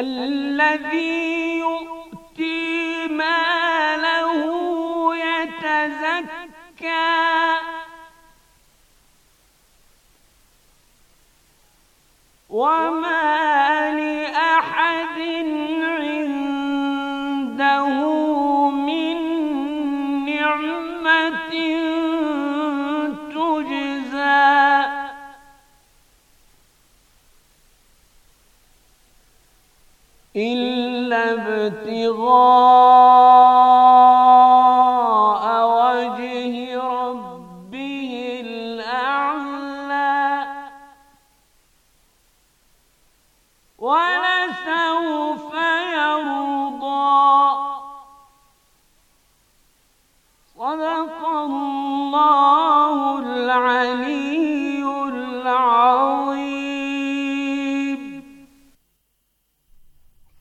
الذي يؤتي ماله يتزكى وما لأ ابتغاء وجه ربه الأعلى ولسوف يرضى صدق الله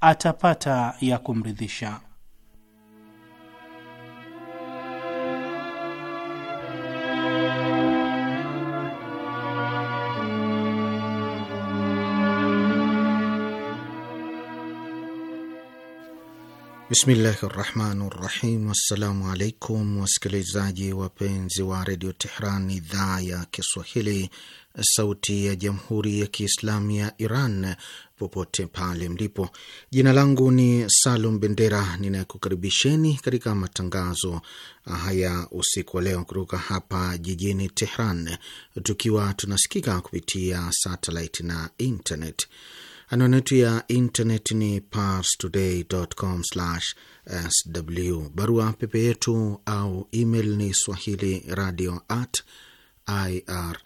atapata ya kumridhisha. Bismillahi rahmani rahim. Assalamu alaikum wasikilizaji wapenzi wa redio Tehran idhaa ya Kiswahili sauti ya jamhuri ya kiislamu ya Iran popote pale mlipo. Jina langu ni Salum Bendera ninayekukaribisheni katika matangazo haya usiku wa leo kutoka hapa jijini Tehran, tukiwa tunasikika kupitia satellite na internet. Anwani yetu ya internet ni parstoday.com/sw. Barua pepe yetu au email ni swahili radio at ir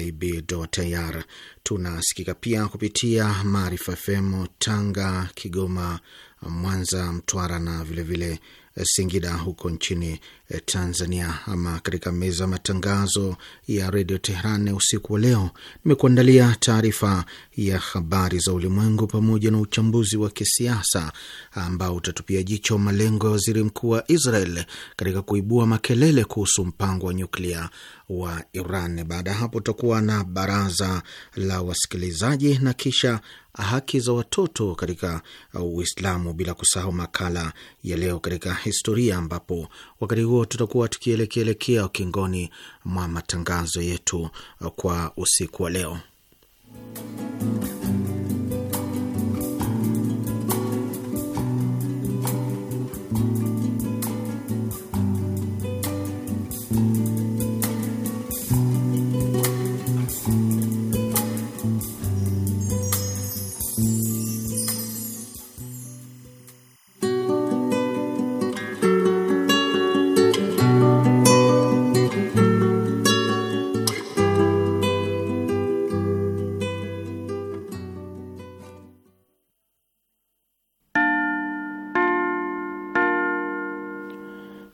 IB.ir. Tunasikika pia kupitia Maarifa FM Tanga, Kigoma, Mwanza, Mtwara na vilevile vile Singida huko nchini Tanzania. Ama katika meza ya matangazo ya redio Tehran usiku wa leo, nimekuandalia taarifa ya habari za ulimwengu pamoja na uchambuzi wa kisiasa ambao utatupia jicho malengo ya waziri mkuu wa Israel katika kuibua makelele kuhusu mpango wa nyuklia wa Iran. Baada ya hapo, utakuwa na baraza la wasikilizaji na kisha haki za watoto katika Uislamu, bila kusahau makala ya leo katika historia, ambapo wakati huo tutakuwa tukielekeelekea ukingoni mwa matangazo yetu kwa usiku wa leo.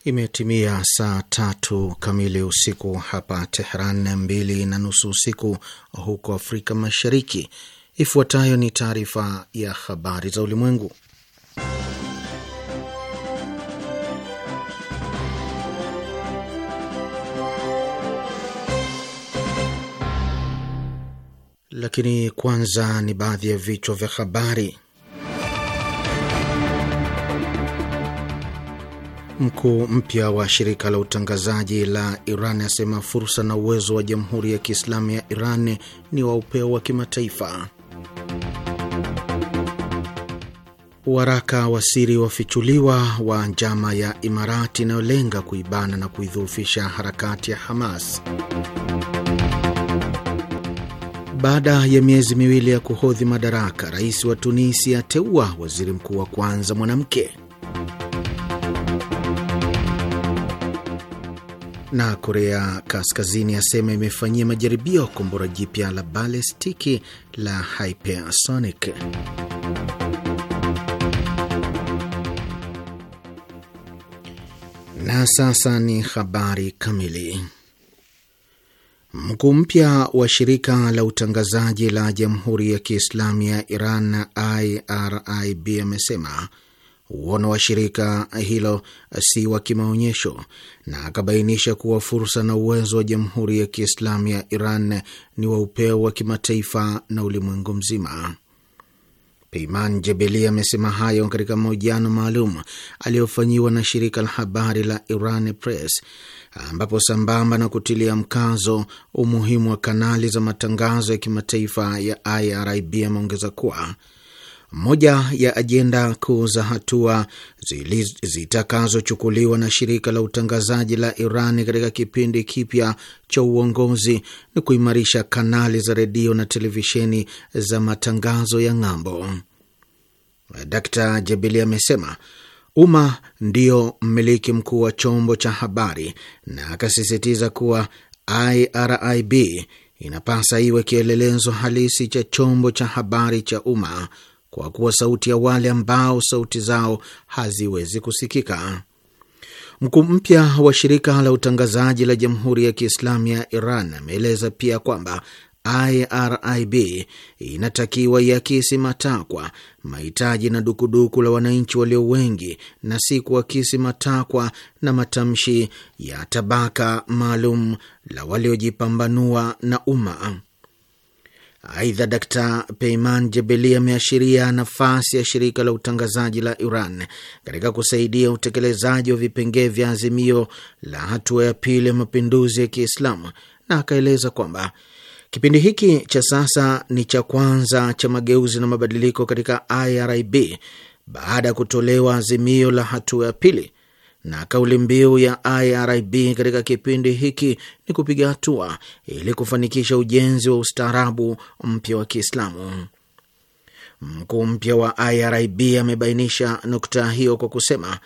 Imetimia saa tatu kamili usiku hapa Tehran, mbili na nusu usiku huko Afrika Mashariki. Ifuatayo ni taarifa ya habari za ulimwengu, lakini kwanza ni baadhi ya vichwa vya habari. Mkuu mpya wa shirika la utangazaji la Iran asema fursa na uwezo wa Jamhuri ya Kiislamu ya Iran ni wa upeo wa kimataifa. Waraka wa siri wafichuliwa wa njama ya Imarati inayolenga kuibana na kuidhoofisha harakati ya Hamas. Baada ya miezi miwili ya kuhodhi madaraka, rais wa Tunisia ateua waziri mkuu wa kwanza mwanamke. Na Korea Kaskazini asema imefanyia majaribio kombora jipya la balestiki la hypersonic. Na sasa ni habari kamili. Mkuu mpya wa shirika la utangazaji la Jamhuri ya Kiislamu ya Iran IRIB amesema Uono wa shirika hilo si wa kimaonyesho, na akabainisha kuwa fursa na uwezo wa Jamhuri ya Kiislamu ya Iran ni wa upeo wa kimataifa na ulimwengu mzima. Peiman Jebeli amesema hayo katika mahojiano maalum aliyofanyiwa na shirika la habari la Iran Press, ambapo sambamba na kutilia mkazo umuhimu wa kanali za matangazo ya kimataifa ya IRIB ameongeza kuwa moja ya ajenda kuu za hatua zitakazochukuliwa na shirika la utangazaji la Iran katika kipindi kipya cha uongozi ni kuimarisha kanali za redio na televisheni za matangazo ya ng'ambo. Dkt Jebeli amesema umma ndio mmiliki mkuu wa chombo cha habari na akasisitiza kuwa IRIB inapasa iwe kielelezo halisi cha chombo cha habari cha umma kwa kuwa sauti ya wale ambao sauti zao haziwezi kusikika. Mkuu mpya wa shirika la utangazaji la Jamhuri ya Kiislamu ya Iran ameeleza pia kwamba IRIB inatakiwa iakisi matakwa, mahitaji na dukuduku la wananchi walio wengi na si kuakisi matakwa na matamshi ya tabaka maalum la waliojipambanua na umma. Aidha, Dkt Peiman Jebeli ameashiria nafasi ya shirika la utangazaji la Iran katika kusaidia utekelezaji wa vipengee vya azimio la hatua ya pili ya mapinduzi ya Kiislamu na akaeleza kwamba kipindi hiki cha sasa ni cha kwanza cha mageuzi na mabadiliko katika IRIB baada ya kutolewa azimio la hatua ya pili na kauli mbiu ya IRIB katika kipindi hiki ni kupiga hatua ili kufanikisha ujenzi wa ustaarabu mpya wa Kiislamu. Mkuu mpya wa IRIB amebainisha nukta hiyo kwa kusema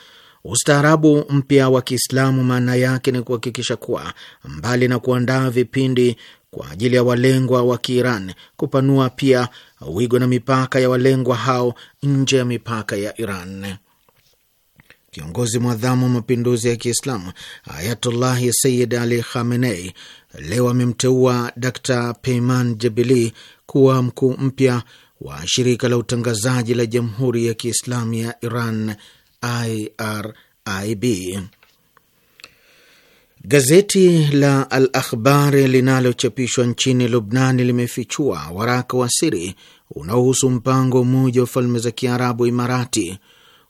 ustaarabu mpya wa Kiislamu maana yake ni kuhakikisha kuwa mbali na kuandaa vipindi kwa ajili ya walengwa wa Kiiran, kupanua pia wigo na mipaka ya walengwa hao nje ya mipaka ya Iran. Kiongozi mwadhamu wa mapinduzi ya Kiislamu Ayatullahi Sayid Ali Khamenei leo amemteua Dr Peiman Jebili kuwa mkuu mpya wa shirika la utangazaji la jamhuri ya Kiislamu ya Iran, IRIB. Gazeti la Al Akhbar linalochapishwa nchini Lubnani limefichua waraka wa siri unaohusu mpango wa Umoja wa Falme za Kiarabu, Imarati,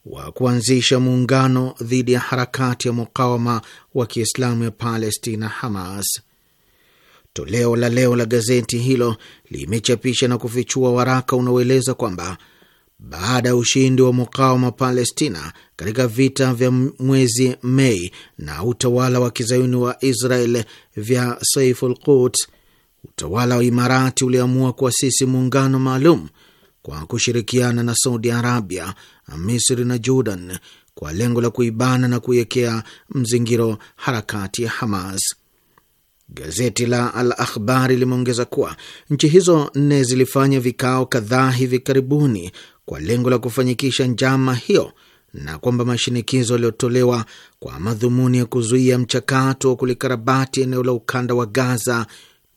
wa kuanzisha muungano dhidi ya harakati ya mukawama wa Kiislamu ya Palestina, Hamas. Toleo la leo la gazeti hilo limechapisha na kufichua waraka unaoeleza kwamba baada ya ushindi wa mukawama Palestina katika vita vya mwezi Mei na utawala wa kizayuni wa Israel vya Saiful Quds, utawala wa Imarati uliamua kuasisi muungano maalum kwa kushirikiana na Saudi Arabia, Misri na Jordan kwa lengo la kuibana na kuiwekea mzingiro harakati ya Hamas. Gazeti la Al Akhbari limeongeza kuwa nchi hizo nne zilifanya vikao kadhaa hivi karibuni kwa lengo la kufanikisha njama hiyo na kwamba mashinikizo yaliyotolewa kwa madhumuni ya kuzuia mchakato wa kulikarabati eneo la ukanda wa Gaza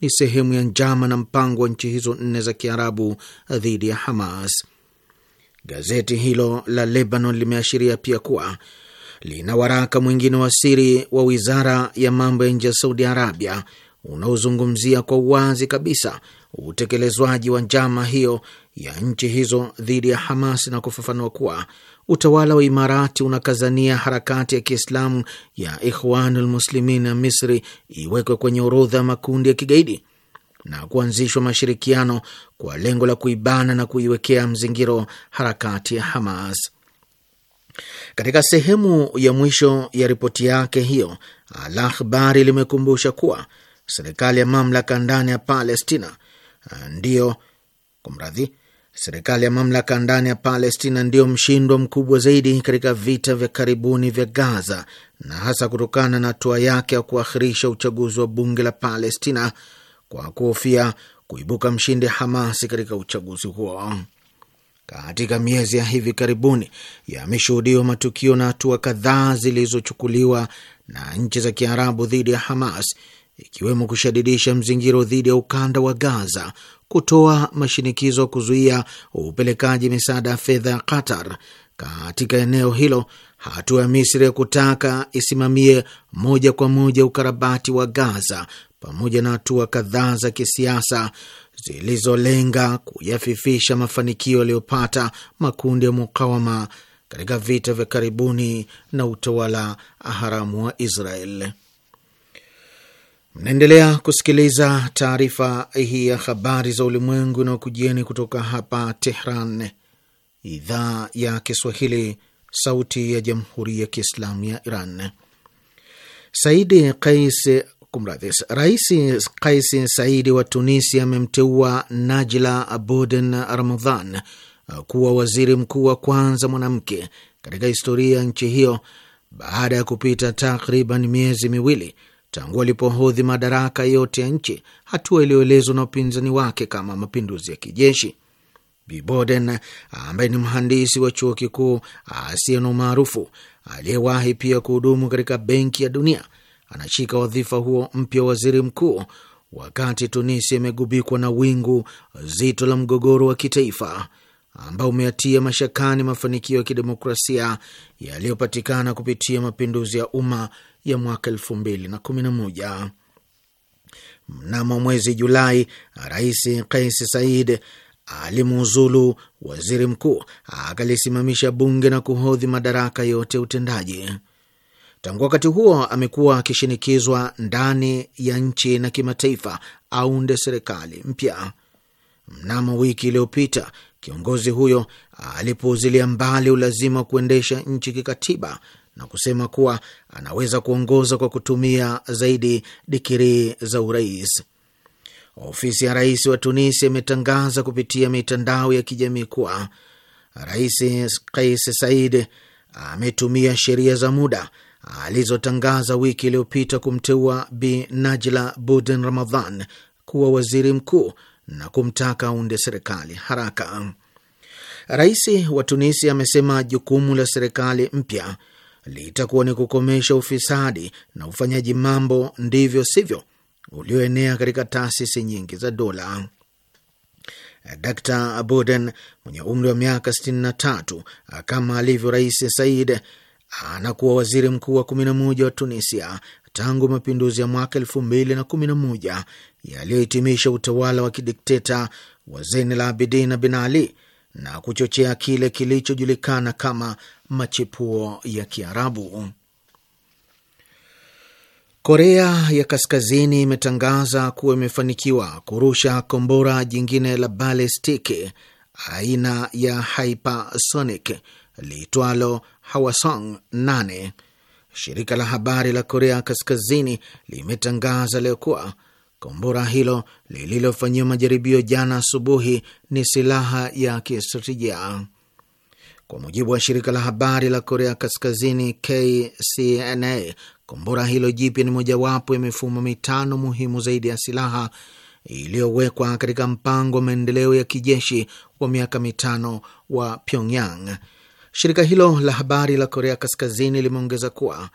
ni sehemu ya njama na mpango wa nchi hizo nne za Kiarabu dhidi ya Hamas. Gazeti hilo la Lebanon limeashiria pia kuwa lina waraka mwingine wa siri wa wizara ya mambo ya nje ya Saudi Arabia unaozungumzia kwa uwazi kabisa utekelezwaji wa njama hiyo ya nchi hizo dhidi ya Hamas na kufafanua kuwa utawala wa Imarati unakazania harakati ya Kiislamu ya Ikhwanul Muslimin ya Misri iwekwe kwenye orodha ya makundi ya kigaidi na kuanzishwa mashirikiano kwa lengo la kuibana na kuiwekea mzingiro harakati ya Hamas. Katika sehemu ya mwisho ya ripoti yake hiyo, Al Akhbari limekumbusha kuwa serikali ya mamlaka ndani ya Palestina eh, ndiyo, kumradhi, Serikali ya mamlaka ndani ya Palestina ndiyo mshindwa mkubwa zaidi katika vita vya karibuni vya Gaza, na hasa kutokana na hatua yake ya kuahirisha uchaguzi wa bunge la Palestina kwa kuhofia kuibuka mshindi Hamasi katika uchaguzi huo. Katika miezi ya hivi karibuni yameshuhudiwa matukio na hatua kadhaa zilizochukuliwa na nchi za Kiarabu dhidi ya Hamas ikiwemo kushadidisha mzingiro dhidi ya ukanda wa Gaza, kutoa mashinikizo kuzuia upelekaji misaada ya fedha ya Qatar katika eneo hilo, hatua ya Misri ya kutaka isimamie moja kwa moja ukarabati wa Gaza, pamoja na hatua kadhaa za kisiasa zilizolenga kuyafifisha mafanikio yaliyopata makundi ya mukawama katika vita vya karibuni na utawala haramu wa Israel. Mnaendelea kusikiliza taarifa hii ya habari za ulimwengu na ukujieni kutoka hapa Tehran, idhaa ya Kiswahili, sauti ya jamhuri ya kiislamu ya Iran. Saidi Kais, kumradhi, Rais Kais Saidi wa Tunisia amemteua Najla Abuden Ramadhan kuwa waziri mkuu wa kwanza mwanamke katika historia ya nchi hiyo baada ya kupita takriban miezi miwili tangu alipohodhi madaraka yote ya nchi, hatua iliyoelezwa na upinzani wake kama mapinduzi ya kijeshi. Biboden ambaye ni mhandisi wa chuo kikuu asiye na umaarufu aliyewahi pia kuhudumu katika Benki ya Dunia anashika wadhifa huo mpya wa waziri mkuu, wakati Tunisia imegubikwa na wingu zito la mgogoro wa kitaifa ambao umeatia mashakani mafanikio ya kidemokrasia yaliyopatikana kupitia mapinduzi ya umma ya mwaka elfu mbili na kumi na moja. Mnamo mwezi Julai, Rais Kais Said alimuuzulu waziri mkuu, akalisimamisha bunge na kuhodhi madaraka yote ya utendaji. Tangu wakati huo amekuwa akishinikizwa ndani ya nchi na kimataifa aunde serikali mpya. Mnamo wiki iliyopita kiongozi huyo alipouzilia mbali ulazima wa kuendesha nchi kikatiba na kusema kuwa anaweza kuongoza kwa kutumia zaidi dikirii za urais. Ofisi ya rais wa Tunisia imetangaza kupitia mitandao ya kijamii kuwa Rais Kais Saied ametumia sheria za muda alizotangaza wiki iliyopita kumteua Bi Najla Buden Ramadhan kuwa waziri mkuu na kumtaka aunde serikali haraka. Rais wa Tunisia amesema jukumu la serikali mpya litakuwa ni kukomesha ufisadi na ufanyaji mambo ndivyo sivyo ulioenea katika taasisi nyingi za dola. Dr Buden mwenye umri wa miaka 63 kama alivyo Rais Said anakuwa waziri mkuu wa 11 wa Tunisia tangu mapinduzi ya mwaka 2011 yaliyohitimisha utawala wa kidikteta wa Zein Abidin Bin Ali na kuchochea kile kilichojulikana kama machipuo ya Kiarabu. Korea ya Kaskazini imetangaza kuwa imefanikiwa kurusha kombora jingine la balistiki aina ya hypersonic liitwalo Hwasong 8. Shirika la habari la Korea Kaskazini limetangaza leo kuwa Kombora hilo lililofanyiwa majaribio jana asubuhi ni silaha ya kistratejia kwa mujibu wa shirika la habari la Korea Kaskazini KCNA. Kombora hilo jipya ni mojawapo ya mifumo mitano muhimu zaidi ya silaha iliyowekwa katika mpango wa maendeleo ya kijeshi wa miaka mitano wa Pyongyang. Shirika hilo la habari la Korea Kaskazini limeongeza kuwa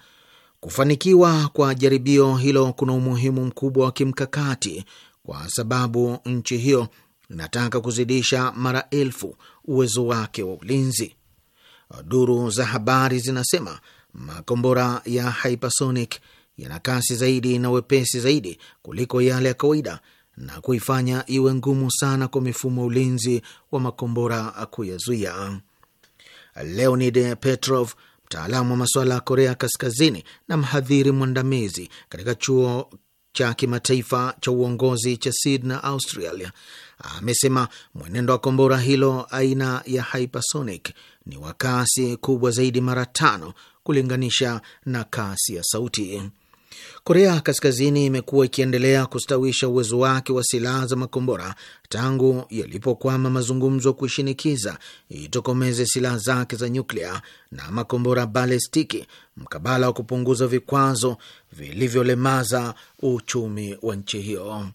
Kufanikiwa kwa jaribio hilo kuna umuhimu mkubwa wa kimkakati kwa sababu nchi hiyo inataka kuzidisha mara elfu uwezo wake wa ulinzi. Duru za habari zinasema makombora ya hypersonic yana kasi zaidi na wepesi zaidi kuliko yale ya kawaida na kuifanya iwe ngumu sana kwa mifumo ya ulinzi wa makombora kuyazuia. Leonid Petrov, mtaalamu wa masuala ya Korea Kaskazini na mhadhiri mwandamizi katika chuo cha kimataifa cha uongozi cha Sydney Australia amesema mwenendo wa kombora hilo aina ya hypersonic ni wa kasi kubwa zaidi mara tano kulinganisha na kasi ya sauti. Korea Kaskazini imekuwa ikiendelea kustawisha uwezo wake wa silaha za makombora tangu yalipokwama mazungumzo kuishinikiza itokomeze silaha zake za nyuklia na makombora balestiki mkabala wa kupunguza vikwazo vilivyolemaza uchumi wa nchi hiyo.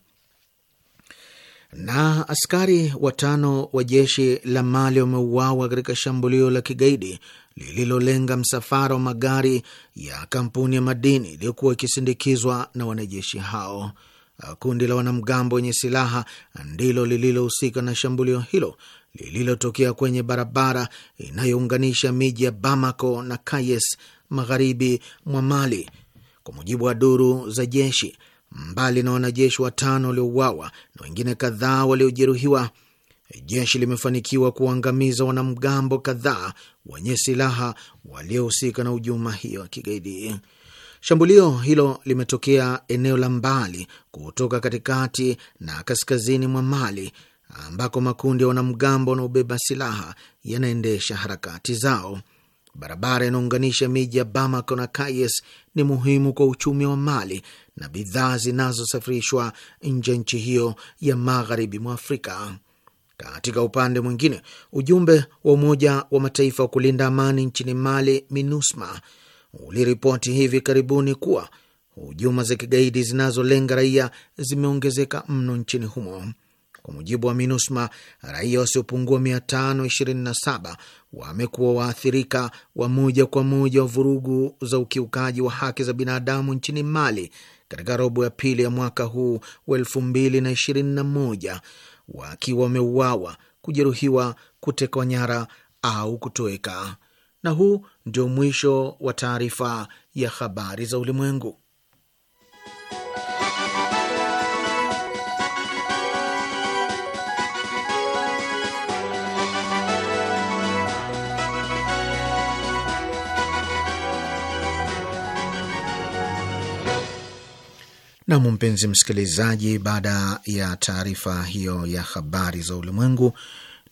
Na askari watano wa jeshi la Mali wameuawa katika shambulio la kigaidi lililolenga msafara wa magari ya kampuni ya madini iliyokuwa ikisindikizwa na wanajeshi hao. Kundi la wanamgambo wenye silaha ndilo lililohusika na shambulio hilo lililotokea kwenye barabara inayounganisha miji ya Bamako na Kayes, magharibi mwa Mali. Kwa mujibu wa duru za jeshi, mbali na wanajeshi watano waliouawa na wengine kadhaa waliojeruhiwa jeshi limefanikiwa kuwangamiza wanamgambo kadhaa wenye silaha waliohusika na hujuma hiyo ya kigaidi. Shambulio hilo limetokea eneo la mbali kutoka katikati na kaskazini mwa Mali ambako makundi ya wanamgambo wanaobeba silaha yanaendesha harakati zao. Barabara inaunganisha miji ya Bamako na Kayes ni muhimu kwa uchumi wa Mali na bidhaa zinazosafirishwa nje nchi hiyo ya magharibi mwa Afrika. Katika upande mwingine, ujumbe wa Umoja wa Mataifa wa kulinda amani nchini Mali, MINUSMA, uliripoti hivi karibuni kuwa hujuma za kigaidi zinazolenga raia zimeongezeka mno nchini humo. Kwa mujibu wa MINUSMA, raia wasiopungua 527 wamekuwa waathirika wa moja kwa moja wa vurugu za ukiukaji wa haki za binadamu nchini Mali katika robo ya pili ya mwaka huu wa 2021 wakiwa wameuawa, kujeruhiwa, kutekwa nyara au kutoweka. Na huu ndio mwisho wa taarifa ya habari za ulimwengu. Nam, mpenzi msikilizaji, baada ya taarifa hiyo ya habari za ulimwengu,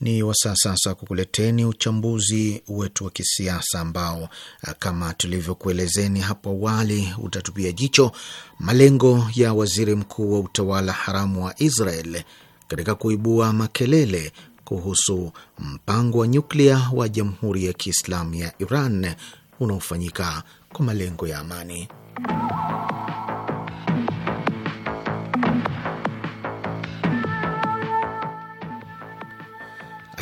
ni wasaa sasa kukuleteni uchambuzi wetu wa kisiasa ambao eh, kama tulivyokuelezeni hapo awali utatupia jicho malengo ya waziri mkuu wa utawala haramu wa Israel katika kuibua makelele kuhusu mpango wa nyuklia wa Jamhuri ya Kiislamu ya Iran unaofanyika kwa malengo ya amani.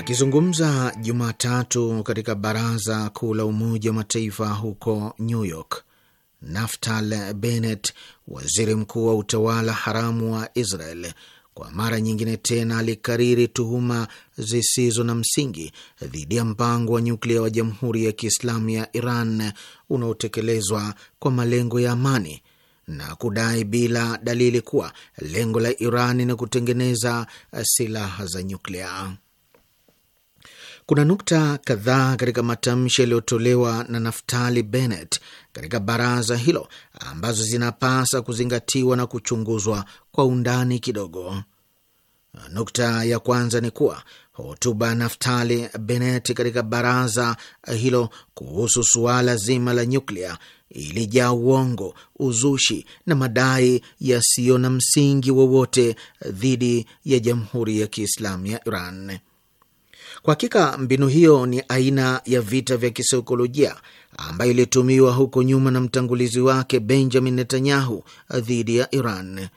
Akizungumza Jumatatu katika baraza kuu la Umoja wa Mataifa huko New York, Naftali Bennett, waziri mkuu wa utawala haramu wa Israel, kwa mara nyingine tena alikariri tuhuma zisizo na msingi dhidi ya mpango wa nyuklia wa Jamhuri ya Kiislamu ya Iran unaotekelezwa kwa malengo ya amani na kudai bila dalili kuwa lengo la Iran ni kutengeneza silaha za nyuklia. Kuna nukta kadhaa katika matamshi yaliyotolewa na Naftali Bennett katika baraza hilo ambazo zinapasa kuzingatiwa na kuchunguzwa kwa undani kidogo. Nukta ya kwanza ni kuwa hotuba ya Naftali Bennett katika baraza hilo kuhusu suala zima la nyuklia ilijaa uongo, uzushi na madai yasiyo na msingi wowote dhidi ya Jamhuri ya Kiislamu ya Iran. Kwa hakika mbinu hiyo ni aina ya vita vya kisaikolojia ambayo ilitumiwa huko nyuma na mtangulizi wake Benjamin Netanyahu dhidi ya Iran.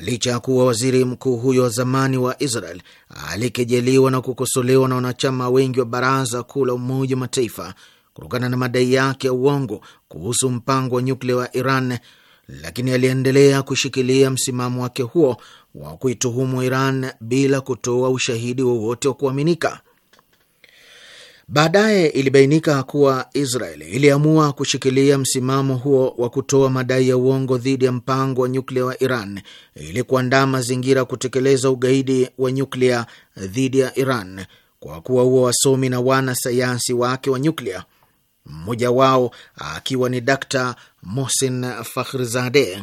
Licha ya kuwa waziri mkuu huyo wa zamani wa Israel alikejeliwa na kukosolewa na wanachama wengi wa baraza kuu la Umoja wa Mataifa kutokana na madai yake ya uongo kuhusu mpango wa nyuklia wa Iran, lakini aliendelea kushikilia msimamo wake huo wa kuituhumu Iran bila kutoa ushahidi wowote wa kuaminika. Baadaye ilibainika kuwa Israel iliamua kushikilia msimamo huo wa kutoa madai ya uongo dhidi ya mpango wa nyuklia wa Iran ili kuandaa mazingira kutekeleza ugaidi wa nyuklia dhidi ya Iran, kwa kuwaua wasomi na wana sayansi wake wa nyuklia mmoja wao akiwa ni Dr Mohsen Fakhrizadeh.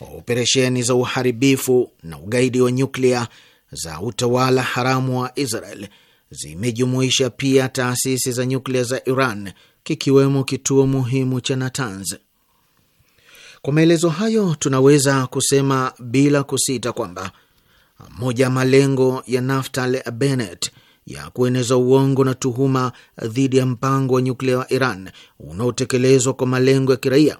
Operesheni za uharibifu na ugaidi wa nyuklia za utawala haramu wa Israel zimejumuisha pia taasisi za nyuklia za Iran, kikiwemo kituo muhimu cha Natanz. Kwa maelezo hayo, tunaweza kusema bila kusita kwamba moja ya malengo ya Naftali Bennett ya kueneza uongo na tuhuma dhidi ya mpango wa nyuklia wa Iran unaotekelezwa kwa malengo ya kiraia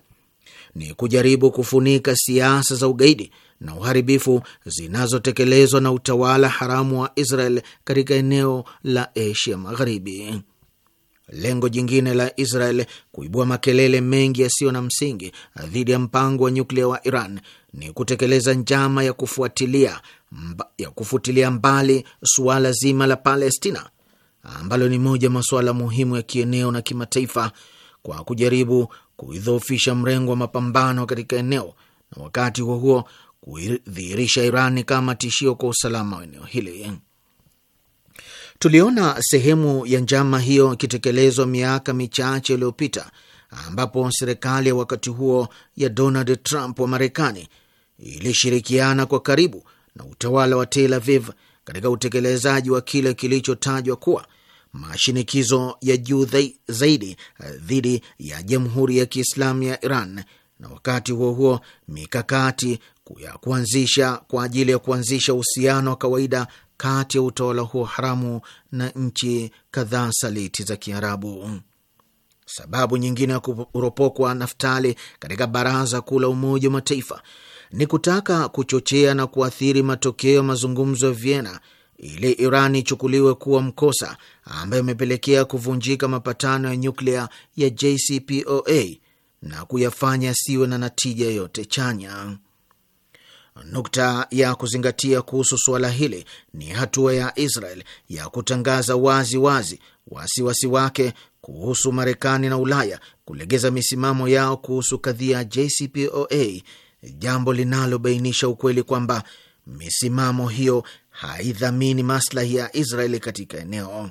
ni kujaribu kufunika siasa za ugaidi na uharibifu zinazotekelezwa na utawala haramu wa Israel katika eneo la Asia Magharibi. Lengo jingine la Israel kuibua makelele mengi yasiyo na msingi dhidi ya mpango wa nyuklia wa Iran ni kutekeleza njama ya kufuatilia mba, ya kufutilia mbali suala zima la Palestina ambalo ni moja masuala muhimu ya kieneo na kimataifa kwa kujaribu kuidhoofisha mrengo wa mapambano katika eneo na wakati huo huo kudhihirisha iran kama tishio kwa usalama wa eneo hili. Tuliona sehemu ya njama hiyo ikitekelezwa miaka michache iliyopita ambapo serikali ya wakati huo ya Donald Trump wa Marekani ilishirikiana kwa karibu na utawala wa Tel Aviv katika utekelezaji wa kile kilichotajwa kuwa mashinikizo ya juu zaidi eh, dhidi ya Jamhuri ya Kiislamu ya Iran na wakati huo huo mikakati ya kuanzisha kwa ajili ya kuanzisha uhusiano wa kawaida kati ya utawala huo haramu na nchi kadhaa saliti za Kiarabu. Sababu nyingine ya kuropokwa Naftali katika Baraza Kuu la Umoja wa Mataifa ni kutaka kuchochea na kuathiri matokeo ya mazungumzo ya Vienna ili Iran ichukuliwe kuwa mkosa ambaye imepelekea kuvunjika mapatano ya nyuklia ya JCPOA na kuyafanya asiwe na natija yote chanya. Nukta ya kuzingatia kuhusu suala hili ni hatua ya Israel ya kutangaza wazi wazi wasiwasi wake kuhusu Marekani na Ulaya kulegeza misimamo yao kuhusu kadhia JCPOA jambo linalobainisha ukweli kwamba misimamo hiyo haidhamini maslahi ya Israeli katika eneo.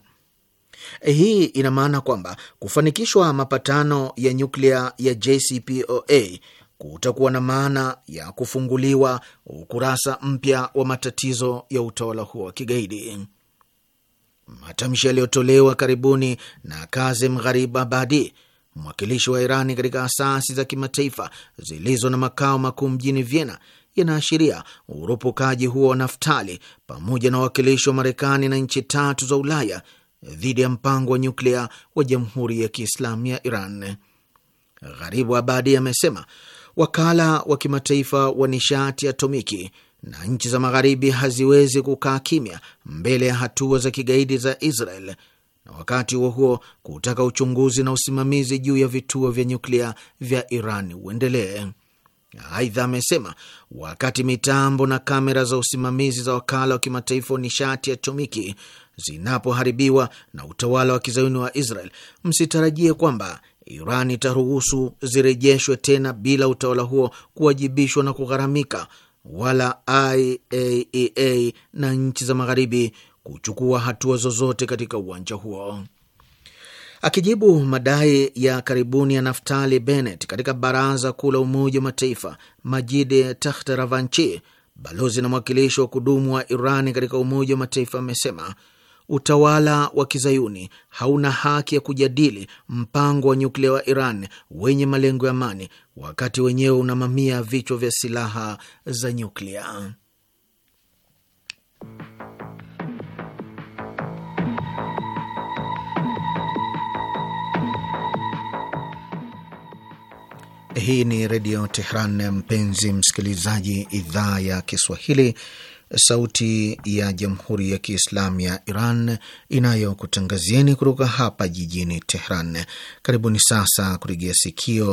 Hii ina maana kwamba kufanikishwa mapatano ya nyuklia ya JCPOA kutakuwa na maana ya kufunguliwa ukurasa mpya wa matatizo ya utawala huo wa kigaidi. Matamshi yaliyotolewa karibuni na Kazim Gharib Abadi, mwakilishi wa Irani katika asasi za kimataifa zilizo na makao makuu mjini Vienna yanaashiria urupukaji huo wa naftali pamoja na wawakilishi wa Marekani na nchi tatu za Ulaya dhidi ya mpango wa nyuklia wa Jamhuri ya Kiislamu ya Iran. Gharibu Abadi amesema wakala wa kimataifa wa nishati atomiki na nchi za magharibi haziwezi kukaa kimya mbele ya hatua za kigaidi za Israel na wakati huo huo kutaka uchunguzi na usimamizi juu ya vituo vya nyuklia vya Iran uendelee. Aidha, amesema wakati mitambo na kamera za usimamizi za wakala wa kimataifa wa nishati ya atomiki zinapoharibiwa na utawala wa kizayuni wa Israel, msitarajie kwamba Iran itaruhusu zirejeshwe tena bila utawala huo kuwajibishwa na kugharamika, wala IAEA e na nchi za magharibi kuchukua hatua zozote katika uwanja huo. Akijibu madai ya karibuni ya Naftali Bennett katika Baraza Kuu la Umoja wa Mataifa, Majid Tahtaravanchi, balozi na mwakilishi wa kudumu wa Irani katika Umoja wa Mataifa, amesema utawala wa kizayuni hauna haki ya kujadili mpango wa nyuklia wa Iran wenye malengo ya amani, wakati wenyewe una mamia vichwa vya silaha za nyuklia. Hii ni Redio Tehran, mpenzi msikilizaji, idhaa ya Kiswahili, sauti ya Jamhuri ya Kiislamu ya Iran inayokutangazieni kutoka hapa jijini Tehran. Karibuni sasa kurejea sikio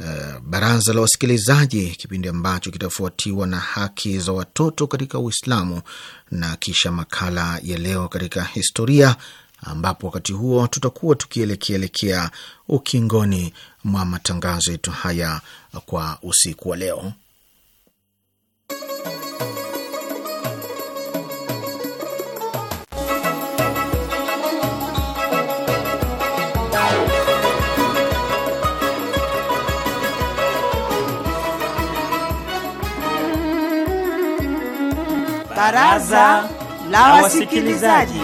uh, baraza la wasikilizaji, kipindi ambacho kitafuatiwa na haki za watoto katika Uislamu na kisha makala ya leo katika historia, ambapo wakati huo tutakuwa tukielekeelekea ukingoni mwa matangazo yetu haya kwa usiku wa leo. Baraza la Wasikilizaji.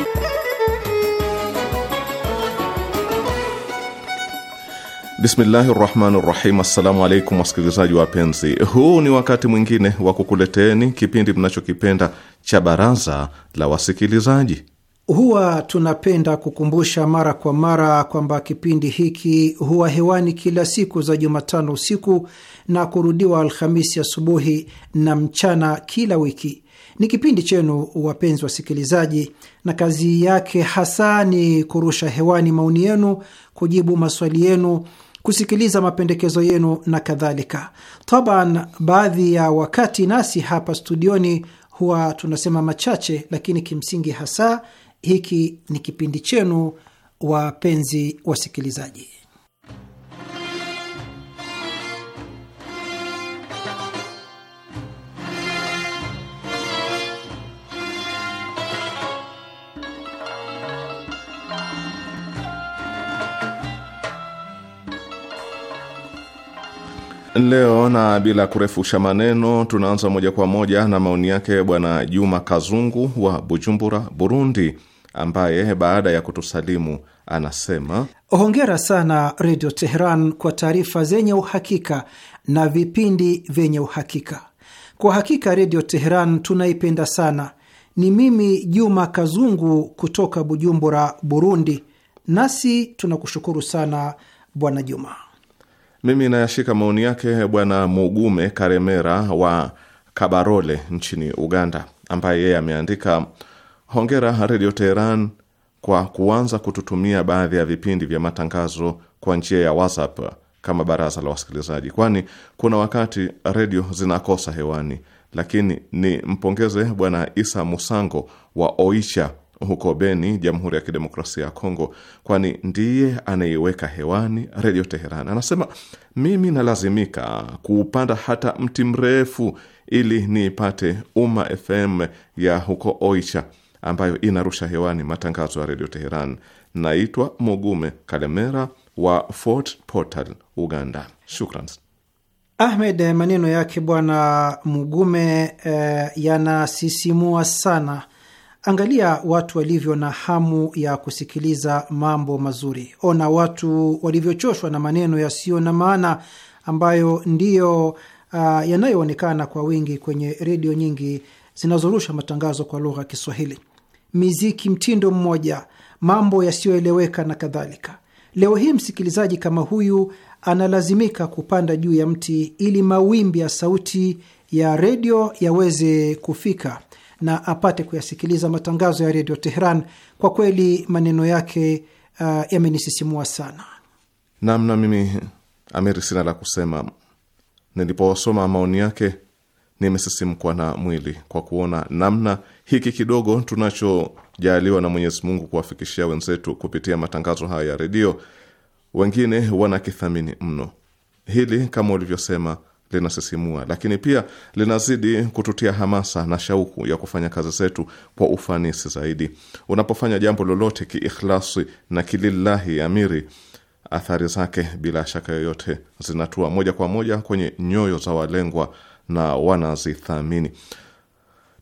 Bismillahi rahmani rahim. Assalamu alaikum wasikilizaji wapenzi, huu ni wakati mwingine wa kukuleteni kipindi mnachokipenda cha baraza la wasikilizaji. Huwa tunapenda kukumbusha mara kwa mara kwamba kipindi hiki huwa hewani kila siku za Jumatano usiku na kurudiwa Alhamisi asubuhi na mchana kila wiki. Ni kipindi chenu wapenzi wasikilizaji, na kazi yake hasa ni kurusha hewani maoni yenu, kujibu maswali yenu kusikiliza mapendekezo yenu na kadhalika. Taban, baadhi ya wakati nasi hapa studioni huwa tunasema machache, lakini kimsingi hasa hiki ni kipindi chenu, wapenzi wasikilizaji. leo, na bila kurefusha maneno, tunaanza moja kwa moja na maoni yake Bwana Juma Kazungu wa Bujumbura, Burundi, ambaye baada ya kutusalimu anasema hongera sana Redio Teheran kwa taarifa zenye uhakika na vipindi vyenye uhakika. Kwa hakika Redio Teheran tunaipenda sana. Ni mimi Juma Kazungu kutoka Bujumbura, Burundi. Nasi tunakushukuru sana Bwana Juma. Mimi nayashika maoni yake Bwana Mugume Karemera wa Kabarole nchini Uganda, ambaye yeye ameandika hongera Redio Teheran kwa kuanza kututumia baadhi ya vipindi vya matangazo kwa njia ya WhatsApp kama baraza la wasikilizaji, kwani kuna wakati redio zinakosa hewani. Lakini ni mpongeze Bwana Isa Musango wa Oicha huko Beni, Jamhuri ya Kidemokrasia ya Kongo, kwani ndiye anayeiweka hewani Redio Teheran. Anasema, mimi nalazimika kuupanda hata mti mrefu ili niipate Umma FM ya huko Oicha ambayo inarusha hewani matangazo ya Redio Teheran. Naitwa mugume Kalemera wa Fort Portal, Uganda. Shukran. Ahmed, eh, maneno yake Bwana Mugume eh, yanasisimua sana Angalia watu walivyo na hamu ya kusikiliza mambo mazuri. Ona watu walivyochoshwa na maneno yasiyo na maana ambayo ndiyo uh, yanayoonekana kwa wingi kwenye redio nyingi zinazorusha matangazo kwa lugha ya Kiswahili. Miziki mtindo mmoja, mambo yasiyoeleweka na kadhalika. Leo hii msikilizaji kama huyu analazimika kupanda juu ya mti ili mawimbi ya sauti ya redio yaweze kufika na apate kuyasikiliza matangazo ya redio Teheran. Kwa kweli maneno yake uh, yamenisisimua sana. namna mimi Amiri sina la kusema. Nilipowasoma maoni yake nimesisimkwa na mwili kwa kuona namna hiki kidogo tunachojaaliwa na Mwenyezi Mungu kuwafikishia wenzetu kupitia matangazo haya ya redio, wengine wanakithamini mno. Hili kama ulivyosema linasisimua, lakini pia linazidi kututia hamasa na shauku ya kufanya kazi zetu kwa ufanisi zaidi. Unapofanya jambo lolote kiikhlasi na kilillahi amiri, athari zake bila shaka yoyote zinatua moja kwa moja kwenye nyoyo za walengwa na wanazithamini.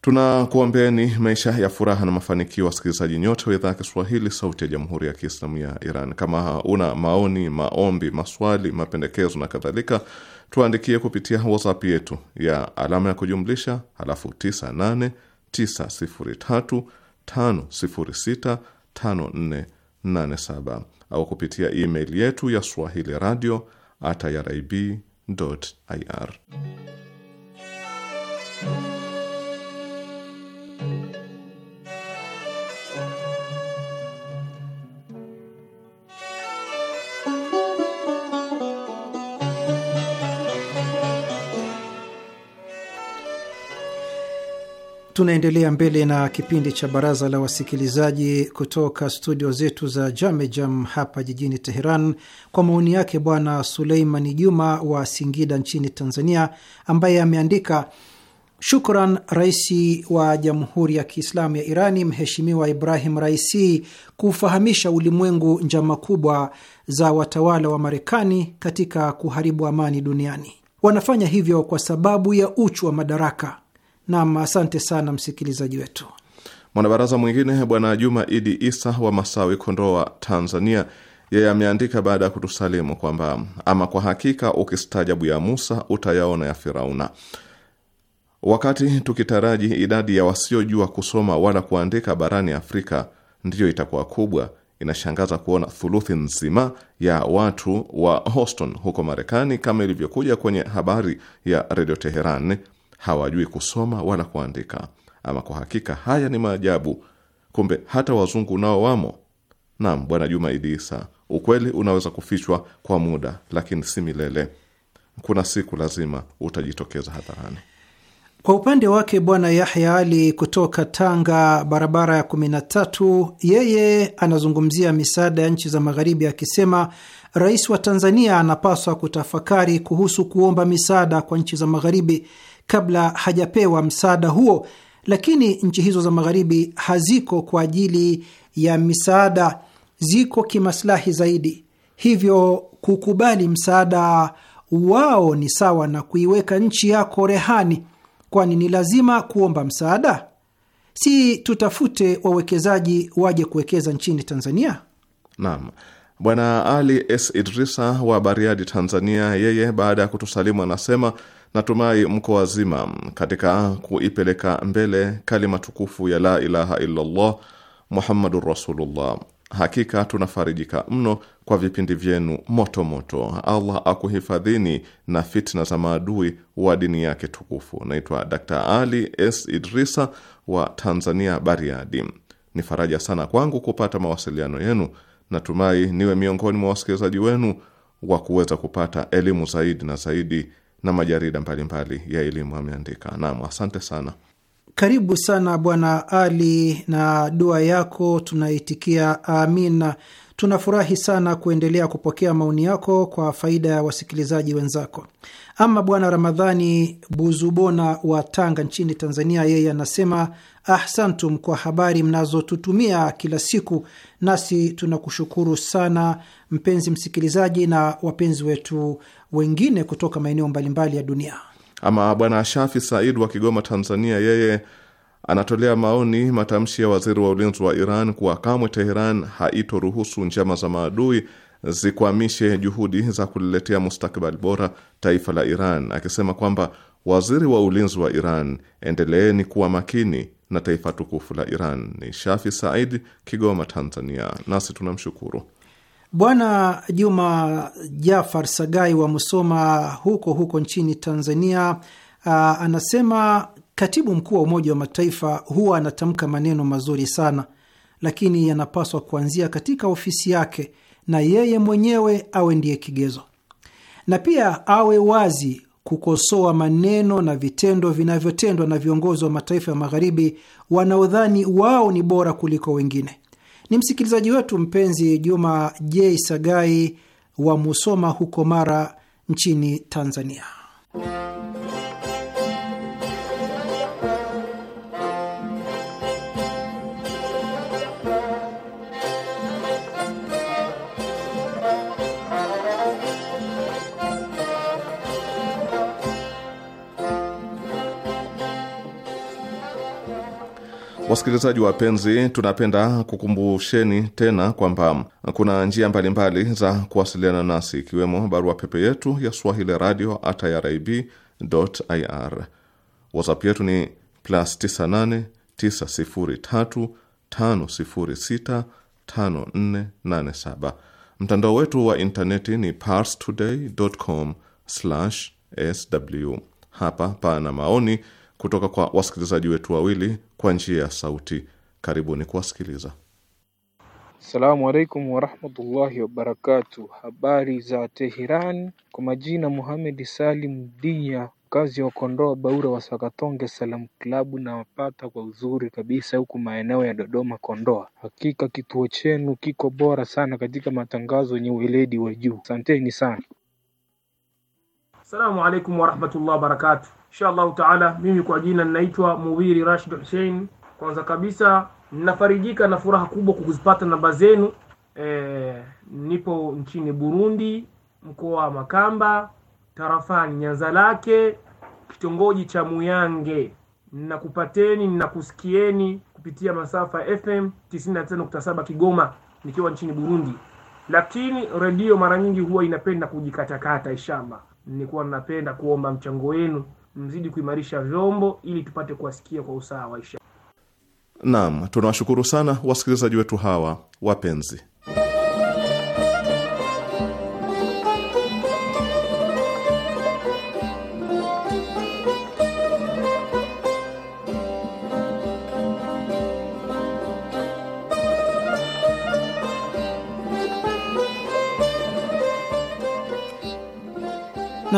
Tunakuombeeni maisha ya furaha na mafanikio, wasikilizaji nyote wa idhaa ya Kiswahili, Sauti ya Jamhuri ya Kiislamu ya Iran. Kama una maoni, maombi, maswali, mapendekezo na kadhalika, tuandikie kupitia WhatsApp yetu ya alama ya kujumlisha halafu 989035065487 au kupitia email yetu ya swahili radio at irib.ir. Tunaendelea mbele na kipindi cha baraza la wasikilizaji kutoka studio zetu za Jamejam hapa jijini Teheran, kwa maoni yake Bwana Suleimani Juma wa Singida nchini Tanzania, ambaye ameandika Shukran Rais wa Jamhuri ya Kiislamu ya Irani, Mheshimiwa Ibrahim Raisi, kufahamisha ulimwengu njama kubwa za watawala wa Marekani katika kuharibu amani duniani. Wanafanya hivyo kwa sababu ya uchu wa madaraka, Nam, asante sana msikilizaji wetu. Mwanabaraza mwingine Bwana Juma Idi Isa wa Masawi, Kondoa, Tanzania, yeye ameandika baada ya kutusalimu kwamba ama kwa hakika ukistaajabu ya Musa utayaona ya Firauna. Wakati tukitaraji idadi ya wasiojua kusoma wala kuandika barani Afrika ndiyo itakuwa kubwa, inashangaza kuona thuluthi nzima ya watu wa Houston huko Marekani, kama ilivyokuja kwenye habari ya Redio Teheran hawajui kusoma wala kuandika. Ama kwa hakika haya ni maajabu, kumbe hata wazungu nao wamo. Naam, Bwana Juma Idi ukweli unaweza kufichwa kwa muda, lakini si milele. Kuna siku lazima utajitokeza hadharani. Kwa upande wake Bwana Yahya Ali kutoka Tanga, barabara ya kumi na tatu, yeye anazungumzia misaada ya nchi za Magharibi akisema rais wa Tanzania anapaswa kutafakari kuhusu kuomba misaada kwa nchi za Magharibi kabla hajapewa msaada huo, lakini nchi hizo za magharibi haziko kwa ajili ya misaada, ziko kimaslahi zaidi. Hivyo kukubali msaada wao ni sawa na kuiweka nchi yako rehani. Kwani ni lazima kuomba msaada? Si tutafute wawekezaji waje kuwekeza nchini Tanzania? Naam. Bwana Ali S Idrisa wa Bariadi, Tanzania, yeye baada ya kutusalimu anasema Natumai mko wazima katika kuipeleka mbele kalima tukufu ya la ilaha illallah muhammadun rasulullah. Hakika tunafarijika mno kwa vipindi vyenu moto moto. Allah akuhifadhini na fitna za maadui wa dini yake tukufu. Naitwa Dr. Ali S. Idrisa wa Tanzania, Bariadi. Ni faraja sana kwangu kupata mawasiliano yenu. Natumai niwe miongoni mwa wasikilizaji wenu wa kuweza kupata elimu zaidi na zaidi na majarida mbalimbali ya elimu ameandika. Naam, asante sana. Karibu sana Bwana Ali, na dua yako tunaitikia amina. Tunafurahi sana kuendelea kupokea maoni yako kwa faida ya wasikilizaji wenzako. Ama Bwana Ramadhani Buzubona wa Tanga nchini Tanzania, yeye anasema ahsantum kwa habari mnazotutumia kila siku, nasi tunakushukuru sana mpenzi msikilizaji na wapenzi wetu wengine kutoka maeneo mbalimbali ya dunia. Ama Bwana Shafi Said wa Kigoma, Tanzania, yeye anatolea maoni matamshi ya waziri wa ulinzi wa Iran kuwa kamwe Teheran haitoruhusu njama za maadui zikwamishe juhudi za kuliletea mustakabali bora taifa la Iran, akisema kwamba waziri wa ulinzi wa Iran, endeleeni kuwa makini na taifa tukufu la Iran. Ni Shafi Said, Kigoma, Tanzania. Nasi tunamshukuru. Bwana Juma Jafar Sagai wa Musoma huko huko nchini Tanzania uh, anasema katibu mkuu wa Umoja wa Mataifa huwa anatamka maneno mazuri sana, lakini yanapaswa kuanzia katika ofisi yake na yeye mwenyewe awe ndiye kigezo, na pia awe wazi kukosoa maneno na vitendo vinavyotendwa na viongozi wa mataifa ya magharibi wanaodhani wao ni bora kuliko wengine. Ni msikilizaji wetu mpenzi Juma J Sagai wa Musoma huko Mara nchini Tanzania. Wasikilizaji wapenzi, tunapenda kukumbusheni tena kwamba kuna njia mbalimbali za kuwasiliana nasi, ikiwemo barua pepe yetu ya swahili radio at irib ir, whatsapp yetu ni plus 98 Mtandao wetu wa intaneti ni parstoday.com/sw. Hapa pana maoni kutoka kwa wasikilizaji wetu wawili kwa njia ya sauti. Karibuni kuwasikiliza. Assalamu alaikum warahmatullahi wabarakatuh. Habari za Teheran. Kwa majina Muhamedi Salim Dinya, mkazi wa Kondoa Baura wa Sakatonge Salam Klabu, na wapata kwa uzuri kabisa huku maeneo ya Dodoma Kondoa. Hakika kituo chenu kiko bora sana katika matangazo yenye uweledi wa juu. Asanteni sana. Assalamu alaikum warahmatullahi wabarakatuh insha allahu taala. Mimi kwa jina ninaitwa Mubiri Rashid Hussein. Kwanza kabisa ninafarijika na furaha kubwa kukuzipata namba zenu. E, nipo nchini Burundi, mkoa wa Makamba, tarafani lake, kitongoji cha Muyange. Ninakupateni, ninakusikieni kupitia masafa FM 95.7 Kigoma, nikiwa nchini Burundi, lakini redio mara nyingi huwa inapenda kujikatakata. Ishamba, nilikuwa ninapenda kuomba mchango wenu mzidi kuimarisha vyombo ili tupate kuwasikia kwa usawa. Naam, tunawashukuru sana wasikilizaji wetu hawa wapenzi.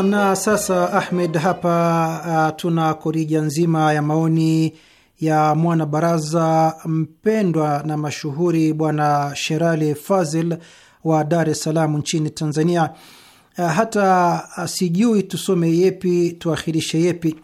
namna sasa, Ahmed, hapa uh, tuna korija nzima ya maoni ya mwana baraza mpendwa na mashuhuri Bwana Sherali Fazil wa Dar es Salaam nchini Tanzania. Uh, hata uh, sijui tusome yepi tuakhirishe yepi.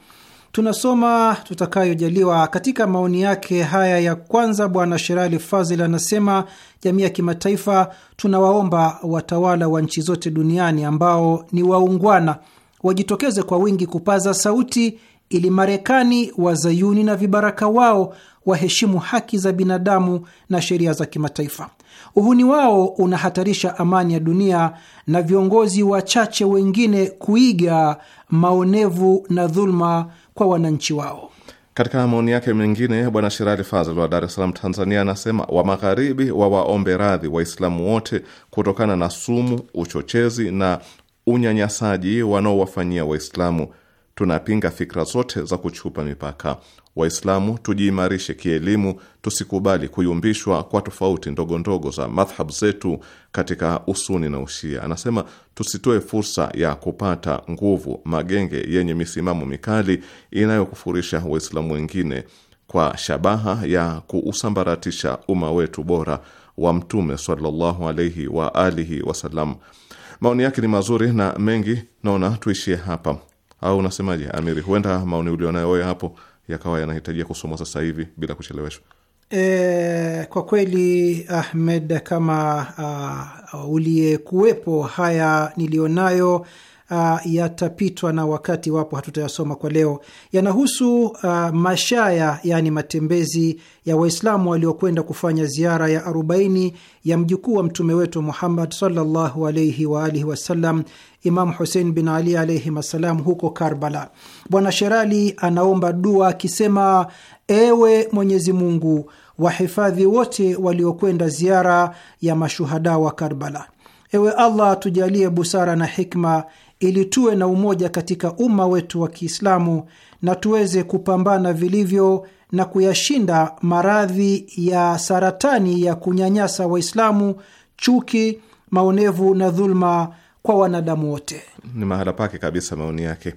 Tunasoma tutakayojaliwa. Katika maoni yake haya ya kwanza, Bwana Sherali Fazil anasema jamii ya kimataifa, tunawaomba watawala wa nchi zote duniani ambao ni waungwana wajitokeze kwa wingi kupaza sauti ili Marekani, wazayuni na vibaraka wao waheshimu haki za binadamu na sheria za kimataifa. Uhuni wao unahatarisha amani ya dunia na viongozi wachache wengine kuiga maonevu na dhuluma kwa wananchi wao. Katika maoni yake mengine, Bwana Shirali Fazl wa Dar es Salaam, Tanzania, anasema wa magharibi wa waombe radhi Waislamu wote kutokana na sumu, uchochezi na unyanyasaji wanaowafanyia Waislamu tunapinga fikra zote za kuchupa mipaka. Waislamu tujiimarishe kielimu, tusikubali kuyumbishwa kwa tofauti ndogo ndogo za madhhab zetu katika usuni na ushia. Anasema tusitoe fursa ya kupata nguvu magenge yenye misimamo mikali inayokufurisha Waislamu wengine kwa shabaha ya kuusambaratisha umma wetu bora wa Mtume sallallahu alaihi wa alihi wasallam. Maoni yake ni mazuri na mengi, naona tuishie hapa au unasemaje Amiri? Huenda maoni ulionayo wewe hapo yakawa yanahitajia kusomwa sasa hivi bila kucheleweshwa. E, kwa kweli Ahmed, kama uh, uliyekuwepo, haya niliyonayo uh, yatapitwa na wakati, wapo hatutayasoma kwa leo. Yanahusu uh, mashaya, yani matembezi ya Waislamu waliokwenda kufanya ziara ya arobaini ya mjukuu wa mtume wetu Muhammad sallallahu alaihi waalihi wasallam Imam Husein bin Ali alaihim assalam huko Karbala. Bwana Sherali anaomba dua akisema: ewe Mwenyezi Mungu, wahifadhi wote waliokwenda ziara ya mashuhada wa Karbala. Ewe Allah, tujalie busara na hikma ili tuwe na umoja katika umma wetu wa Kiislamu na tuweze kupambana vilivyo na kuyashinda maradhi ya saratani ya kunyanyasa Waislamu, chuki, maonevu na dhuluma kwa wanadamu wote. Ni mahala pake kabisa maoni yake.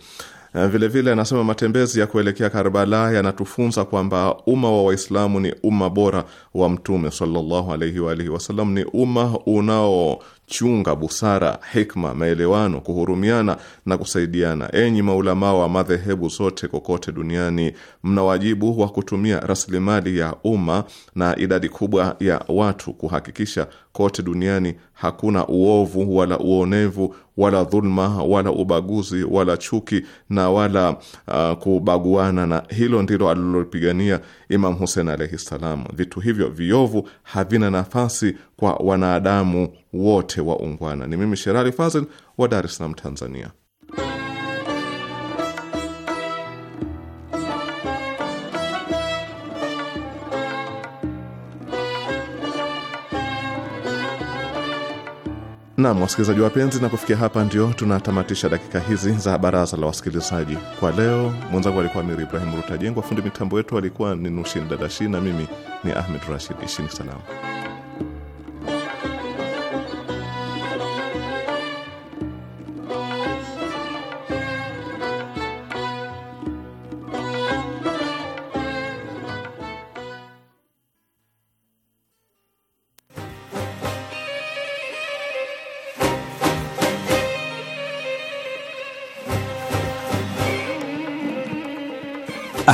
Vilevile vile, anasema matembezi ya kuelekea Karbala yanatufunza kwamba umma wa Waislamu ni umma bora wa Mtume sallallahu alaihi wa alihi wasallam, ni umma unao chunga, busara, hikma, maelewano, kuhurumiana na kusaidiana. Enyi maulamaa wa madhehebu zote kokote duniani, mna wajibu wa kutumia rasilimali ya umma na idadi kubwa ya watu kuhakikisha kote duniani hakuna uovu wala uonevu wala dhulma wala ubaguzi wala chuki na wala uh, kubaguana. Na hilo ndilo alilopigania Imam Hussein alaihi salam. Vitu hivyo viovu havina nafasi kwa wanadamu wote ungwana Ni mimi Sherali Fazil wa Dar es Salaam, Tanzania. Nam, wasikilizaji wapenzi, na kufikia hapa ndio tunatamatisha dakika hizi za baraza la wasikilizaji kwa leo. Mwenzangu alikuwa Amiri Ibrahimu Rutajengwa, fundi mitambo wetu alikuwa ni Nushin Dadashi, na mimi ni Ahmed Rashid Ishini. Salamu.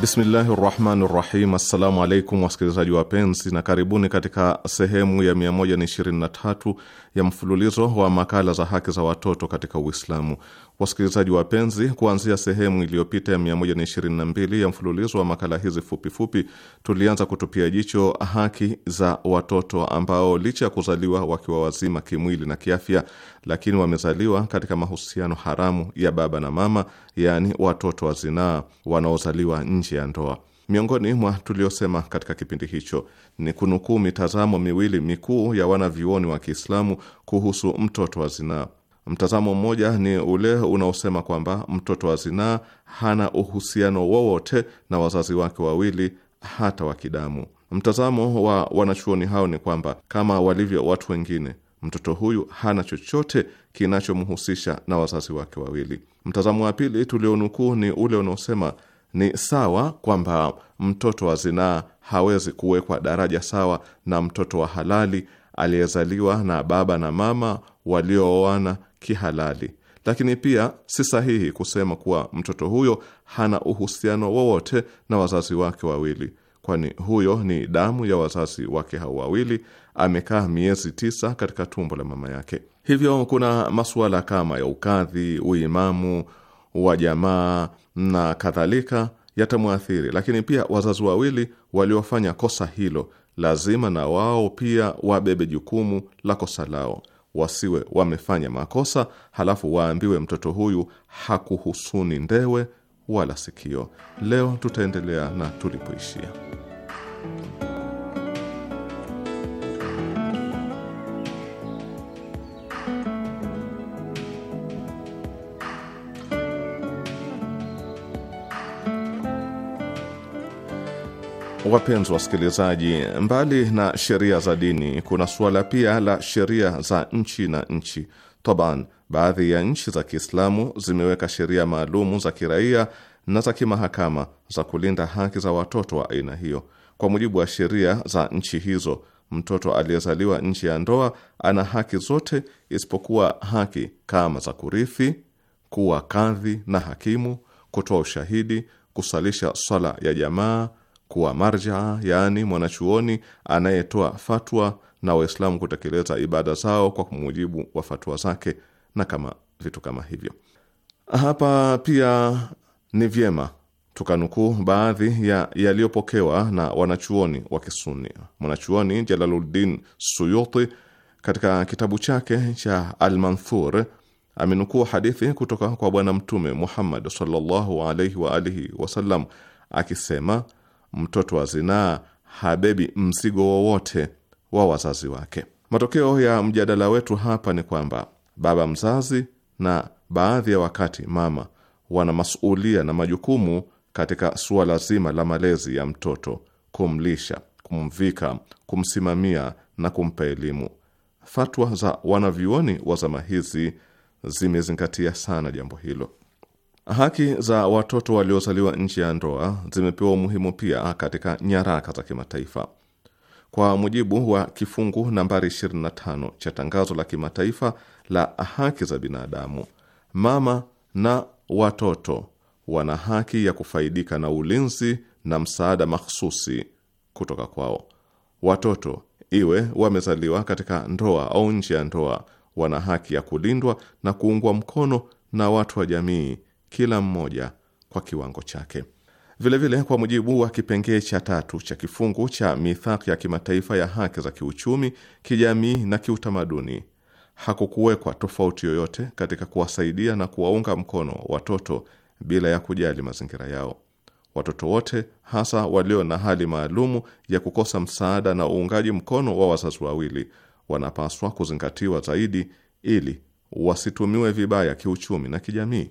Bismillahi rahmani rahim. Assalamu alaikum wasikilizaji wapenzi, na karibuni katika sehemu ya 123 ya mfululizo wa makala za haki za watoto katika Uislamu. Wasikilizaji wapenzi, kuanzia sehemu iliyopita ya 122 ya mfululizo wa makala hizi fupifupi, tulianza kutupia jicho haki za watoto ambao licha ya kuzaliwa wakiwa wazima kimwili na kiafya, lakini wamezaliwa katika mahusiano haramu ya baba na mama, yaani watoto wa zinaa wanaozaliwa nje ya ndoa. Miongoni mwa tuliosema katika kipindi hicho ni kunukuu mitazamo miwili mikuu ya wanavyuoni wa Kiislamu kuhusu mtoto wa zinaa. Mtazamo mmoja ni ule unaosema kwamba mtoto wa zinaa hana uhusiano wowote na wazazi wake wawili hata wa kidamu. Mtazamo wa wanachuoni hao ni kwamba kama walivyo watu wengine mtoto huyu hana chochote kinachomhusisha na wazazi wake wawili. Mtazamo wa pili tulionukuu ni ule unaosema ni sawa kwamba mtoto wa zinaa hawezi kuwekwa daraja sawa na mtoto wa halali aliyezaliwa na baba na mama waliooana kihalali, lakini pia si sahihi kusema kuwa mtoto huyo hana uhusiano wowote na wazazi wake wawili, kwani huyo ni damu ya wazazi wake hao wawili amekaa miezi tisa katika tumbo la mama yake. Hivyo kuna masuala kama ya ukadhi, uimamu wa jamaa na kadhalika yatamwathiri, lakini pia wazazi wawili waliofanya kosa hilo lazima na wao pia wabebe jukumu la kosa lao. Wasiwe wamefanya makosa halafu waambiwe mtoto huyu hakuhusuni ndewe wala sikio. Leo tutaendelea na tulipoishia. Wapenzi wasikilizaji, mbali na sheria za dini, kuna suala pia la sheria za nchi na nchi taban. Baadhi ya nchi za Kiislamu zimeweka sheria maalumu za kiraia na za kimahakama za kulinda haki za watoto wa aina hiyo. Kwa mujibu wa sheria za nchi hizo, mtoto aliyezaliwa nje ya ndoa ana haki zote isipokuwa haki kama za kurithi, kuwa kadhi na hakimu, kutoa ushahidi, kusalisha swala ya jamaa kuwa marjaa, yaani mwanachuoni anayetoa fatwa na Waislamu kutekeleza ibada zao kwa mujibu wa fatwa zake na kama vitu kama hivyo. Hapa pia ni vyema tukanukuu baadhi ya yaliyopokewa na wanachuoni wa Kisuni. Mwanachuoni Jalaluddin Suyuti katika kitabu chake cha Almanthur amenukuu hadithi kutoka kwa Bwana Mtume Muhammad sallallahu alaihi wa alihi wasallam akisema mtoto wa zinaa habebi mzigo wowote wa wazazi wake. Matokeo ya mjadala wetu hapa ni kwamba baba mzazi na baadhi ya wakati mama wana masuulia na majukumu katika suala zima la malezi ya mtoto, kumlisha, kumvika, kumsimamia na kumpa elimu. Fatwa za wanavyuoni wa zama hizi zimezingatia sana jambo hilo. Haki za watoto waliozaliwa nje ya ndoa zimepewa umuhimu pia katika nyaraka za kimataifa. Kwa mujibu wa kifungu nambari 25 cha tangazo la kimataifa la haki za binadamu, mama na watoto wana haki ya kufaidika na ulinzi na msaada makhususi kutoka kwao. Watoto iwe wamezaliwa katika ndoa au nje ya ndoa, wana haki ya kulindwa na kuungwa mkono na watu wa jamii kila mmoja kwa kiwango chake. Vilevile vile, kwa mujibu wa kipengee cha tatu cha kifungu cha mithaki ya kimataifa ya haki za kiuchumi, kijamii na kiutamaduni, hakukuwekwa tofauti yoyote katika kuwasaidia na kuwaunga mkono watoto bila ya kujali mazingira yao. Watoto wote hasa walio na hali maalumu ya kukosa msaada na uungaji mkono wa wazazi wawili wanapaswa kuzingatiwa zaidi ili wasitumiwe vibaya kiuchumi na kijamii.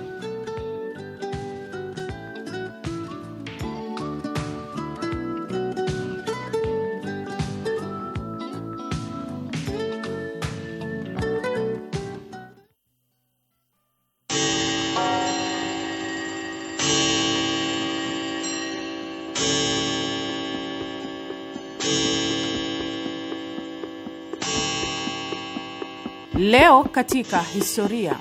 Leo katika historia.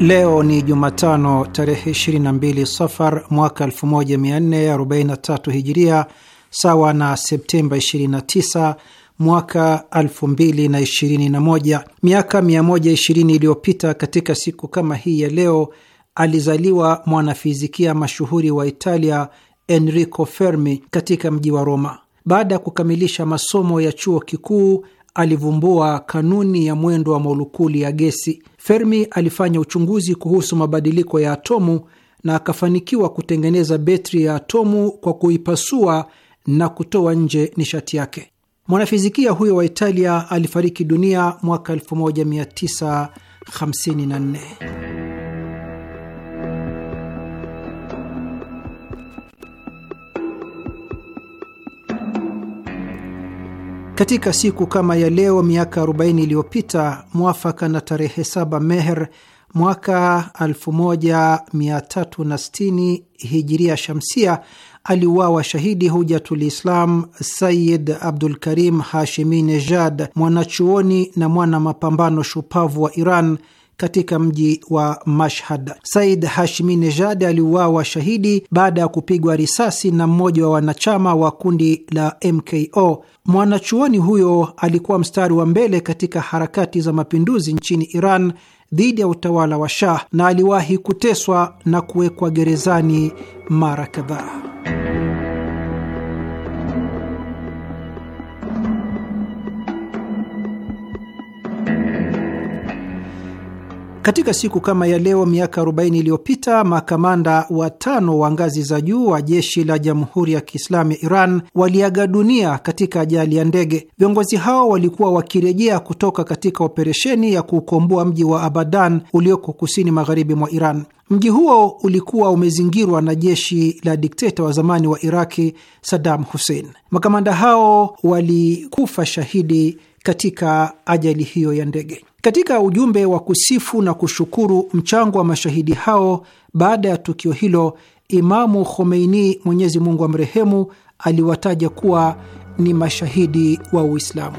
Leo ni Jumatano tarehe 22 Safar mwaka 1443 Hijiria, sawa na Septemba 29 mwaka 2021. Miaka 120 iliyopita katika siku kama hii ya leo alizaliwa mwanafizikia mashuhuri wa Italia Enrico Fermi katika mji wa Roma. Baada ya kukamilisha masomo ya chuo kikuu, alivumbua kanuni ya mwendo wa molekuli ya gesi. Fermi alifanya uchunguzi kuhusu mabadiliko ya atomu na akafanikiwa kutengeneza betri ya atomu kwa kuipasua na kutoa nje nishati yake. Mwanafizikia huyo wa Italia alifariki dunia mwaka 1954. Katika siku kama ya leo miaka 40 iliyopita, mwafaka na tarehe 7 Meher mwaka 1360 hijiria shamsia, aliuawa shahidi Hujatul Islam Sayid Abdul Karim Hashimi Nejad, mwanachuoni na mwana mapambano shupavu wa Iran katika mji wa Mashhad. Said Hashimi Nejad aliuawa shahidi baada ya kupigwa risasi na mmoja wa wanachama wa kundi la MKO. Mwanachuoni huyo alikuwa mstari wa mbele katika harakati za mapinduzi nchini Iran dhidi ya utawala wa Shah na aliwahi kuteswa na kuwekwa gerezani mara kadhaa. Katika siku kama ya leo miaka 40 iliyopita makamanda watano wa ngazi za juu wa jeshi la Jamhuri ya Kiislamu ya Iran waliaga dunia katika ajali ya ndege. Viongozi hao walikuwa wakirejea kutoka katika operesheni ya kuukomboa mji wa Abadan ulioko kusini magharibi mwa Iran. Mji huo ulikuwa umezingirwa na jeshi la dikteta wa zamani wa Iraki Saddam Hussein. Makamanda hao walikufa shahidi katika ajali hiyo ya ndege. Katika ujumbe wa kusifu na kushukuru mchango wa mashahidi hao baada ya tukio hilo, Imamu Khomeini, Mwenyezi Mungu amrehemu, aliwataja kuwa ni mashahidi wa Uislamu.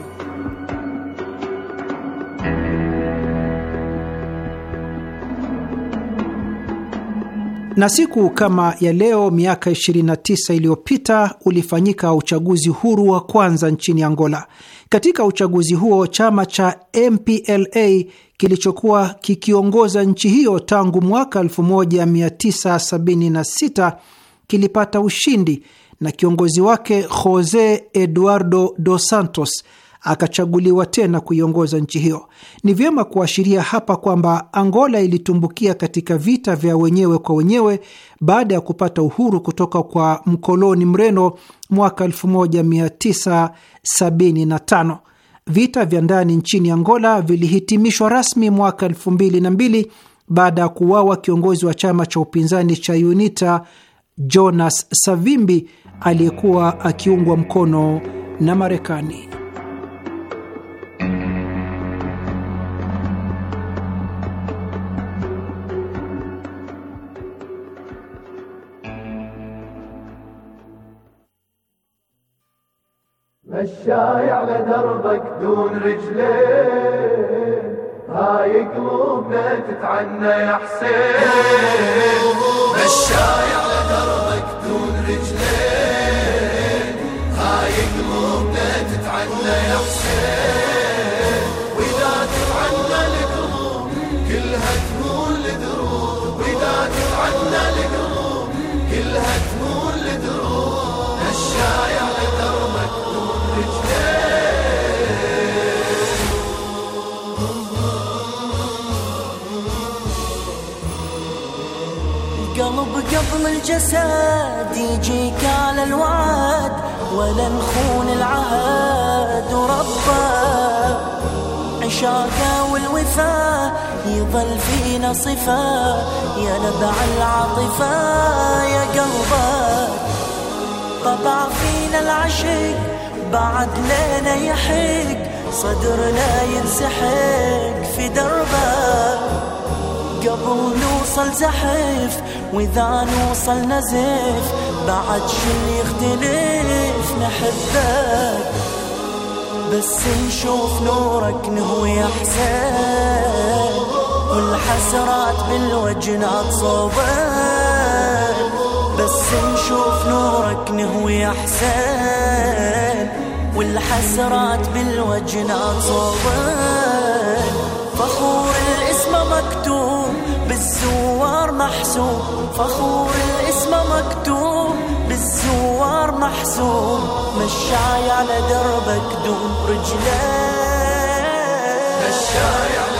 Na siku kama ya leo miaka 29 iliyopita ulifanyika uchaguzi huru wa kwanza nchini Angola. Katika uchaguzi huo chama cha MPLA kilichokuwa kikiongoza nchi hiyo tangu mwaka 1976 kilipata ushindi na kiongozi wake Jose Eduardo Dos Santos akachaguliwa tena kuiongoza nchi hiyo. Ni vyema kuashiria hapa kwamba Angola ilitumbukia katika vita vya wenyewe kwa wenyewe baada ya kupata uhuru kutoka kwa mkoloni Mreno mwaka 1975. Vita vya ndani nchini Angola vilihitimishwa rasmi mwaka 22 baada ya kuuawa kiongozi wa chama cha upinzani cha UNITA Jonas Savimbi aliyekuwa akiungwa mkono na Marekani. الشايع لدربك دون رجلين هاي قلوبنا تتعنى يا حسين الشايع لدربك دون قبل الجسد يجيك على الوعد ولا نخون العهد وربا عشاقه والوفاء يظل فينا صفة يا نبع العاطفة يا قلبا طبع فينا العشق بعد لنا يحق صدرنا ينسحق في دربه قبل نوصل زحف واذا نوصل نزف بعد شو يختلف نحبك بس نشوف نورك نهوي احسن والحسرات بالوجنات صوبك بس نشوف نورك نهوي احسن والحسرات بالوجنات صوبك فخور بالزوار محسوب فخور الاسم مكتوب بالزوار محسوب مشاي على دربك دوم رجلي مشاي على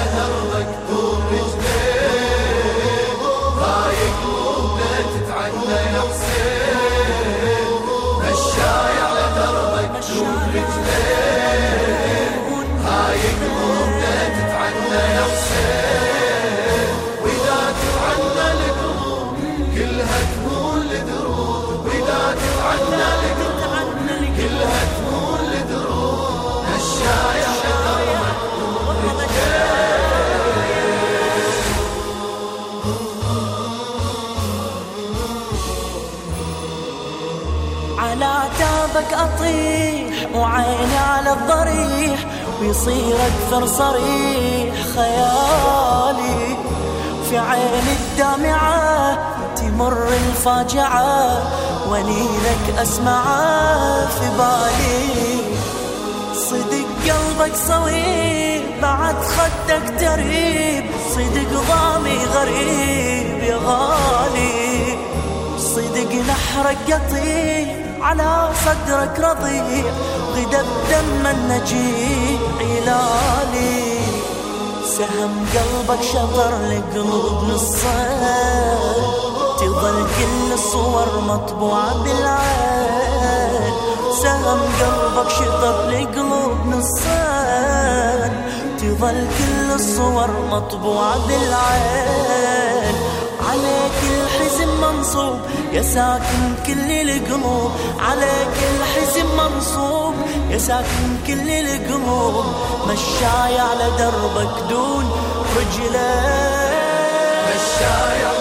أطيح وعيني على الضريح ويصير أكثر صريح خيالي في عيني الدامعة تمر الفاجعة لك أسمعه في بالي صدق قلبك صويب بعد خدك تريب صدق ضامي غريب يا غالي صدق نحرك قطيب على صدرك رضيع غدا بدم النجيع علالي سهم قلبك شطر لقلوب نصين تظل كل الصور مطبوعة بالعين سهم قلبك شطر لقلوب نصين تظل كل الصور مطبوعة بالعين منصوب يا ساكن كل القلوب على كل الحزن منصوب يا ساكن كل القلوب مشاي على دربك دون رجلك مشاي على